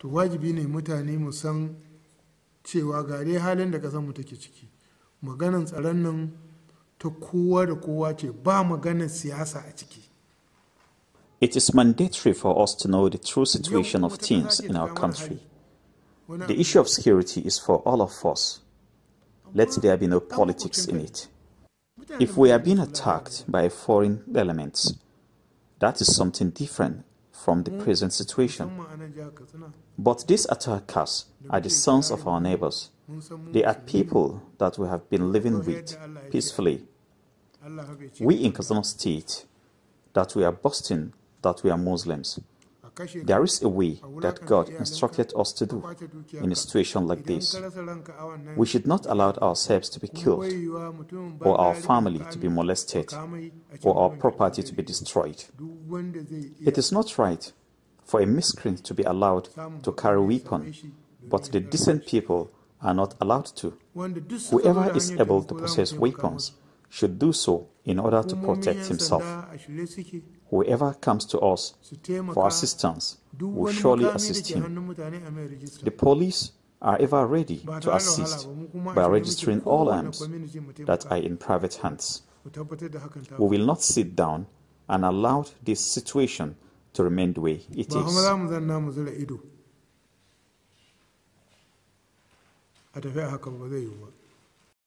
to wajibi ne mutane mu san cewa gare halin da ƙasar mu take ciki maganan tsaron nan ta kowa da kowa ce ba maganar siyasa a ciki It is mandatory for us to know the true situation of teams in our country. The issue of security is for all of us. Let there be no politics in it. If we are being attacked by foreign elements, that is something different from the hmm? present situation. But these attackers are the sons of our neighbors. They are people that we have been living with peacefully. We in Kazan State, that we are boasting that we are Muslims. There is a way that God instructed us to do in a situation like this. We should not allow ourselves to be killed, or our family to be molested, or our property to be destroyed. It is not right for a miscreant to be allowed to carry a weapon, but the decent people are not allowed to. Whoever is able to possess weapons should do so in order to protect himself. Whoever comes to us for assistance will surely assist him. The police are ever ready to assist by registering all arms that are in private hands. We will not sit down and allowed this situation to remain the way it is.